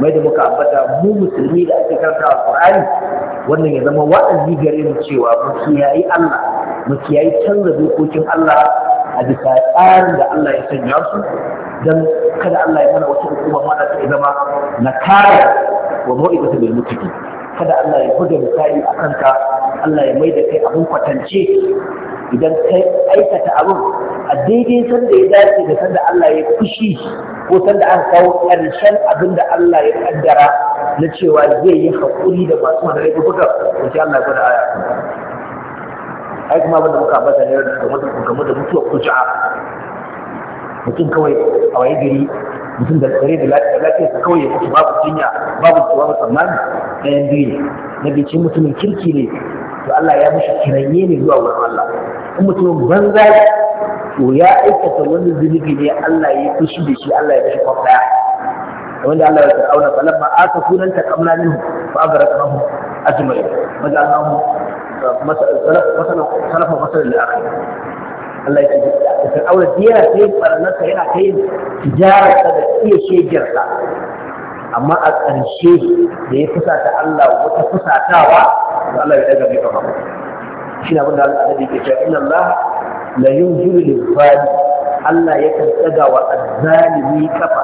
mai da muka ambata mu musulmi da ake karanta a wannan ya zama wa'azi gare mu cewa mu kiyayi Allah mu kiyayi canza dokokin Allah a bisa tsarin da Allah ya sanya su dan kada Allah ya mana wata hukuma ma da ta zama na kare wa mau'izatu bil muttaqin kada Allah ya buga misali a kanka Allah ya mai da kai abin kwatance idan kai aikata abin a daidai sanda ya dace da sanda Allah ya fushi ko sanda aka kawo karshen abin da Allah ya kaddara na cewa zai yi haƙuri da masu wani rai buga ko Allah ya gwada aya ai kuma abin da muka ambata ne game da mutuwa kuja'a mutum kawai a waye gari mutum da tsare da lafiyar sa kawai ya mutu babu jinya babu tsuwa ba tsammani ɗayan biyu ne na ce mutumin kirki ne to Allah ya mishi kiranye ne zuwa wurin Allah in mutumin banza to ya aikata wani zunubi ne Allah ya fushi da shi Allah ya mishi kwaf daya kamar da Allah ya tsakauna falan ma aka sunan ta kamna min fa abara kamar ajmai majalnahu sarrafa fasarar da aka Allah ya ce da fir'auna yana ta yin barnarsa yana ta yin tijararsa da iya shejarsa amma a ƙarshe da ya fusata Allah wata fusatawa da Allah ya daga mai kafa shi na abin da Allah ya ke cewa inna Allah la yunjiru lil Allah yakan daga wa azzalimi kafa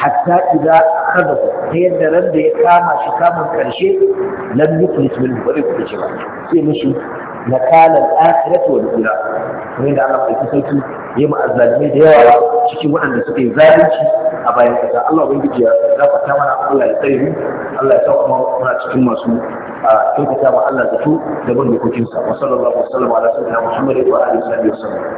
hatta idza akhadha ta yadda ran da ya kama shi kamun karshe lam yuflis min bari ku ce ba sai mishi nakal al-akhirah wal ula kamar da Allah ya sauki ya ma azalimi da yawa cikin waɗanda suka yi zalunci a bayan kasa Allah ubangiji ya gafarta mana Allah ya tsare mu Allah ya sauka mana cikin masu kyautata ma Allah zato da bin dokokinsa wa sallallahu
alaihi wa sallam ala sayyidina Muhammad wa alihi wa sallam